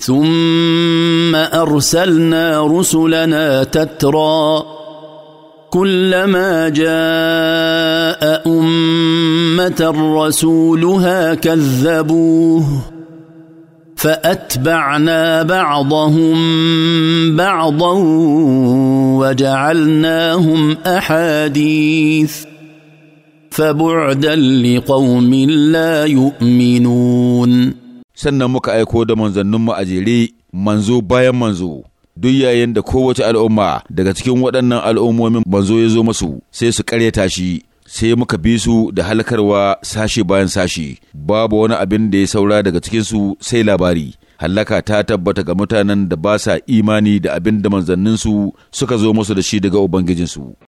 ثم ارسلنا رسلنا تترى كلما جاء امه رسولها كذبوه فاتبعنا بعضهم بعضا وجعلناهم احاديث فبعدا لقوم لا يؤمنون sannan muka aiko da manzanninmu a jere manzo bayan manzo duk yayin da kowace al'umma daga cikin waɗannan al'ummomin manzo ya zo masu sai su karyata shi sai muka bi su da halkarwa sashe bayan sashe babu wani abin da ya saura daga cikinsu sai labari hallaka ta tabbata ga mutanen da ba sa imani da abin da su suka zo musu da shi daga su.